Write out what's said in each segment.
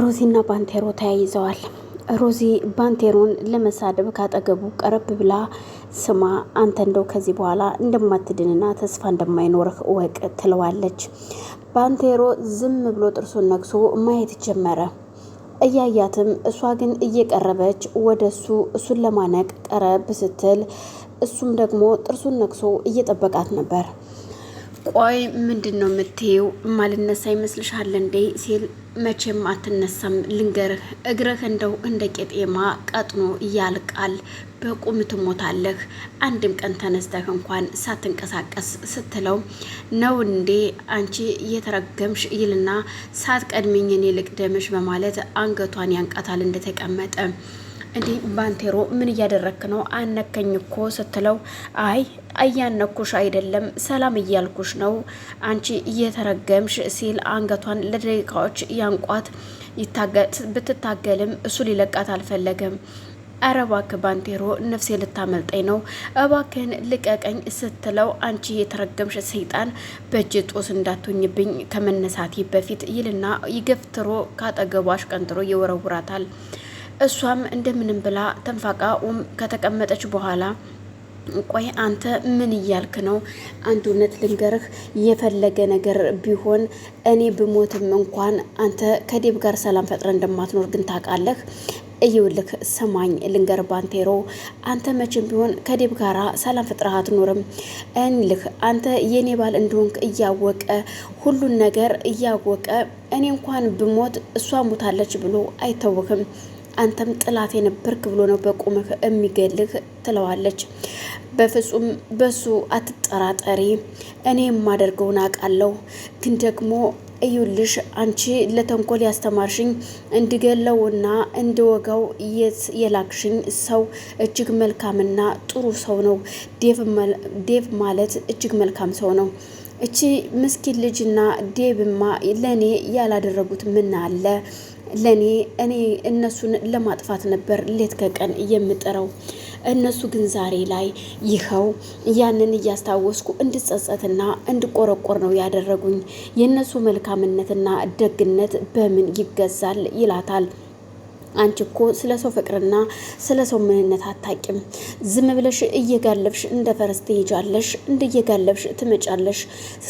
ሮዚና ባንቴሮ ተያይዘዋል። ሮዚ ባንቴሮን ለመሳደብ ካጠገቡ ቀረብ ብላ ስማ አንተ እንደው ከዚህ በኋላ እንደማትድንና ተስፋ እንደማይኖርህ እወቅ ትለዋለች። ባንቴሮ ዝም ብሎ ጥርሱን ነክሶ ማየት ጀመረ። እያያትም እሷ ግን እየቀረበች ወደ እሱ እሱን ለማነቅ ቀረብ ስትል እሱም ደግሞ ጥርሱን ነክሶ እየጠበቃት ነበር። ቆይ ምንድን ነው የምትይው? ማልነሳ ይመስልሻል እንዴ ሲል መቼም አትነሳም ልንገርህ፣ እግርህ እንደው እንደ ቄጤማ ቀጥኖ ያልቃል። በቁም ትሞታለህ። አንድም ቀን ተነስተህ እንኳን ሳትንቀሳቀስ ስትለው ነው እንዴ አንቺ እየተረገምሽ ይልና ሳት ቀድሜኝ እኔ ልቅደምሽ በማለት አንገቷን ያንቃታል እንደተቀመጠ እንዲህ ባንቴሮ ምን እያደረክ ነው? አነከኝ እኮ ስትለው አይ እያነኩሽ አይደለም ሰላም እያልኩሽ ነው አንቺ እየተረገምሽ ሲል አንገቷን ለደቂቃዎች ያንቋት። ብትታገልም እሱ ሊለቃት አልፈለገም። አረ እባክህ ባንቴሮ ነፍሴ ልታመልጠኝ ነው፣ እባክህን ልቀቀኝ ስትለው አንቺ የተረገምሽ ሰይጣን በእጅ ጦስ እንዳትሆኝብኝ ከመነሳቴ በፊት ይልና ይገፍትሮ ካጠገቧ አሽቀንጥሮ ይወረውራታል። እሷም እንደምንም ብላ ተንፋቃ ከተቀመጠች በኋላ ቆይ አንተ ምን እያልክ ነው? አንድ እውነት ልንገርህ፣ የፈለገ ነገር ቢሆን እኔ ብሞትም እንኳን አንተ ከዴብ ጋር ሰላም ፈጥረ እንደማትኖር ግን ታውቃለህ። እይውልክ ሰማኝ ልንገር ባንቴሮ፣ አንተ መቼም ቢሆን ከዴብ ጋር ሰላም ፈጥረ አትኖርም። እንልህ አንተ የኔ ባል እንደሆንክ እያወቀ ሁሉን ነገር እያወቀ እኔ እንኳን ብሞት እሷ ሞታለች ብሎ አይታወክም። አንተም ጥላት የነበርክ ብሎ ነው በቁምህ የሚገልህ ትለዋለች። በፍጹም በሱ አትጠራጠሪ፣ እኔ የማደርገውን አውቃለሁ። ግን ደግሞ እዩልሽ አንቺ ለተንኮል ያስተማርሽኝ እንድገለውና እንድወጋው የላክሽኝ ሰው እጅግ መልካምና ጥሩ ሰው ነው። ዴቭ ማለት እጅግ መልካም ሰው ነው። እቺ ምስኪን ልጅና ዴብማ ለእኔ ያላደረጉት ምን አለ? ለእኔ እኔ እነሱን ለማጥፋት ነበር ሌት ከቀን የምጥረው። እነሱ ግን ዛሬ ላይ ይኸው ያንን እያስታወስኩ እንድጸጸትና እንድቆረቆር ነው ያደረጉኝ። የእነሱ መልካምነትና ደግነት በምን ይገዛል ይላታል። አንቺ እኮ ስለ ሰው ፍቅርና ስለ ሰው ምንነት አታቂም። ዝም ብለሽ እየጋለብሽ እንደ ፈረስ ትሄጃለሽ፣ እንደ እየጋለብሽ ትመጫለሽ።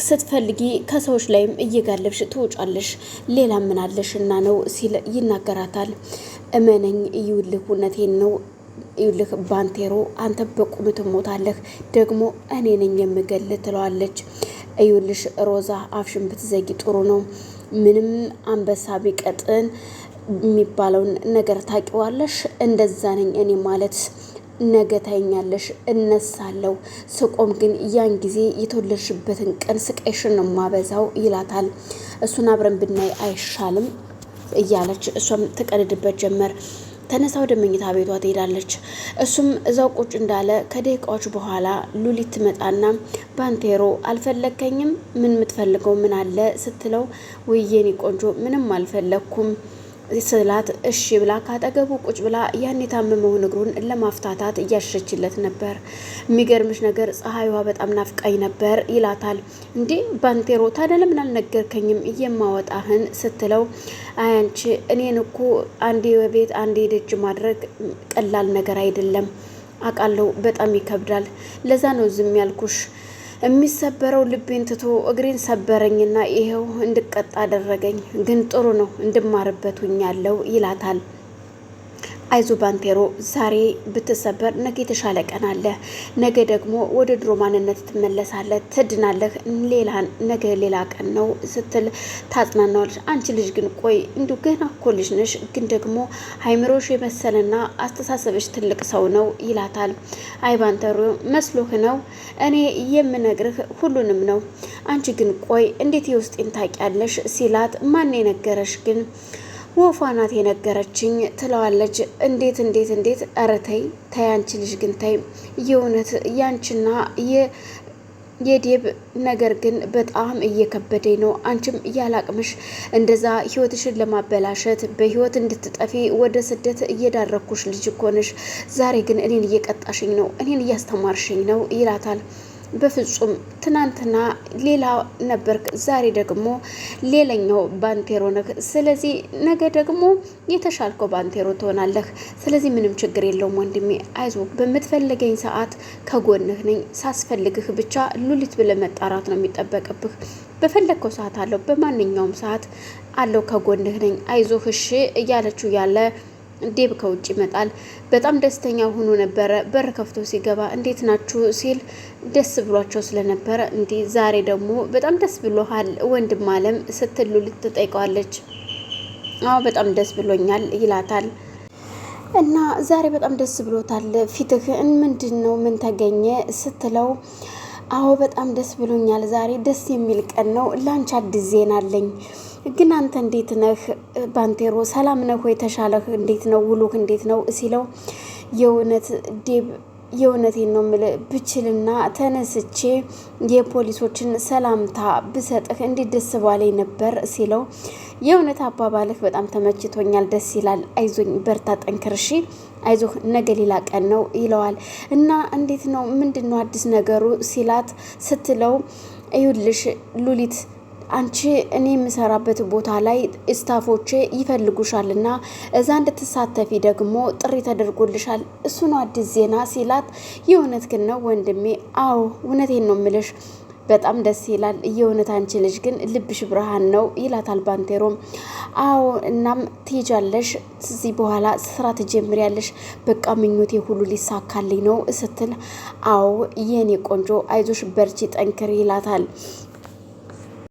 ስትፈልጊ ከሰዎች ላይም እየጋለብሽ ትወጫለሽ። ሌላ ምናለሽ እና ነው ሲል ይናገራታል። እመነኝ ይውልህ፣ እውነቴን ነው ይውልህ ባንቴሮ፣ አንተ በቁም ትሞታለህ፣ ደግሞ እኔ ነኝ የምገል ትለዋለች። እዩልሽ ሮዛ፣ አፍሽን ብትዘጊ ጥሩ ነው። ምንም አንበሳ ቢቀጥን የሚባለውን ነገር ታቂዋለሽ። እንደዛ ነኝ እኔ ማለት ነገ ታይኛለሽ፣ እነሳለሁ። ስቆም ግን ያን ጊዜ የተወለድሽበትን ቀን ስቃይሽን ነው ማበዛው ይላታል። እሱን አብረን ብናይ አይሻልም እያለች እሷም ትቀልድበት ጀመር። ተነሳ ወደ መኝታ ቤቷ ትሄዳለች። እሱም እዛው ቁጭ እንዳለ ከደቂቃዎች በኋላ ሉሊት ትመጣና ባንቴሮ አልፈለግከኝም? ምን የምትፈልገው ምን አለ ስትለው፣ ውይ ቆንጆ ምንም አልፈለግኩም ስላት እሺ ብላ ካጠገቡ ቁጭ ብላ ያን የታመመውን እግሩን ለማፍታታት እያሸችለት ነበር። የሚገርምሽ ነገር ፀሐይዋ በጣም ናፍቃኝ ነበር ይላታል። እንዴ ባንቴሮ ታዲያ ለምን አልነገርከኝም የማወጣህን ስትለው አያንቺ እኔን እኮ አንዴ በቤት አንዴ ደጅ ማድረግ ቀላል ነገር አይደለም አውቃለሁ። በጣም ይከብዳል። ለዛ ነው ዝም ያልኩሽ የሚሰበረው ልቤን ትቶ እግሬን ሰበረኝና ይሄው እንድቀጣ አደረገኝ። ግን ጥሩ ነው እንድማርበት ውኛለው ይላታል። አይዞ ባንቴሮ ዛሬ ብትሰበር ነገ የተሻለ ቀን አለ። ነገ ደግሞ ወደ ድሮ ማንነት ትመለሳለህ፣ ትድናለህ። ሌላ ነገ ሌላ ቀን ነው ስትል ታጽናናዋለች። አንቺ ልጅ ግን ቆይ እንዲሁ ገና እኮ ልጅ ነሽ፣ ግን ደግሞ አይምሮሽ የመሰለና አስተሳሰብሽ ትልቅ ሰው ነው ይላታል። አይ ባንቴሮ መስሎህ ነው? እኔ የምነግርህ ሁሉንም ነው። አንቺ ግን ቆይ እንዴት የውስጤን ታውቂያለሽ? ሲላት ማን የነገረሽ ግን ወፏ ናት የነገረችኝ ትለዋለች። እንዴት እንዴት እንዴት! ኧረ ተይ ተይ፣ ልጅ ግን ተይ፣ የእውነት ያንቺና የዴብ ነገር ግን በጣም እየከበደኝ ነው። አንቺም እያላቅምሽ እንደዛ ህይወትሽን ለማበላሸት በህይወት እንድትጠፊ ወደ ስደት እየዳረግኩሽ ልጅ እኮ ነሽ። ዛሬ ግን እኔን እየቀጣሽኝ ነው፣ እኔን እያስተማርሽኝ ነው ይላታል። በፍጹም ትናንትና ሌላ ነበርክ፣ ዛሬ ደግሞ ሌላኛው ባንቴሮ ነህ። ስለዚህ ነገ ደግሞ የተሻልከው ባንቴሮ ትሆናለህ። ስለዚህ ምንም ችግር የለውም ወንድሜ፣ አይዞ በምትፈልገኝ ሰዓት ከጎንህ ነኝ። ሳስፈልግህ ብቻ ሉሊት ብለህ መጣራት ነው የሚጠበቅብህ። በፈለግከው ሰዓት አለው፣ በማንኛውም ሰዓት አለው፣ ከጎንህ ነኝ፣ አይዞህ እሺ እያለችው ያለ ዴብ ከውጭ ይመጣል። በጣም ደስተኛ ሆኖ ነበረ። በር ከፍቶ ሲገባ እንዴት ናችሁ ሲል ደስ ብሏቸው ስለነበረ እንዲህ ዛሬ ደግሞ በጣም ደስ ብሎሃል ወንድም አለም ስትሉ ልትጠይቀዋለች። አዎ በጣም ደስ ብሎኛል ይላታል። እና ዛሬ በጣም ደስ ብሎታል ፊትህ ምንድን ነው ምን ተገኘ ስትለው አዎ በጣም ደስ ብሎኛል። ዛሬ ደስ የሚል ቀን ነው። ላንቺ አዲስ ዜና አለኝ። ግን አንተ እንዴት ነህ ባንቴሮ? ሰላም ነህ ወይ? ተሻለህ? እንዴት ነው ውሉህ? እንዴት ነው ሲለው የእውነት ዴብ የእውነቴን ነው የምልህ ብችልና ተነስቼ የፖሊሶችን ሰላምታ ብሰጥህ እንዴት ደስ ባላይ ነበር ሲለው የእውነት አባባልህ በጣም ተመችቶኛል፣ ደስ ይላል፣ አይዞኝ፣ በርታ፣ ጠንክርሺ፣ አይዞህ፣ ነገ ሌላ ቀን ነው ይለዋል። እና እንዴት ነው ምንድን ነው አዲስ ነገሩ ሲላት ስትለው ይኸውልሽ ሉሊት አንቺ እኔ የምሰራበት ቦታ ላይ ስታፎቼ ይፈልጉሻልና እዛ እንድትሳተፊ ደግሞ ጥሪ ተደርጎልሻል። እሱን አዲስ ዜና ሲላት ግን ነው ወንድሜ? አዎ እውነቴን ነው ምልሽ በጣም ደስ ይላል። የእውነት አንቺ ልጅ ግን ልብሽ ብርሃን ነው ይላታል ባንቴሮም። አዎ እናም ትሄጃለሽ፣ እዚህ በኋላ ስራ ትጀምሪያለሽ። በቃ ምኞቴ ሁሉ ሊሳካልኝ ነው ስትል፣ አዎ የኔ ቆንጆ አይዞሽ፣ በርቺ፣ ጠንክር ይላታል።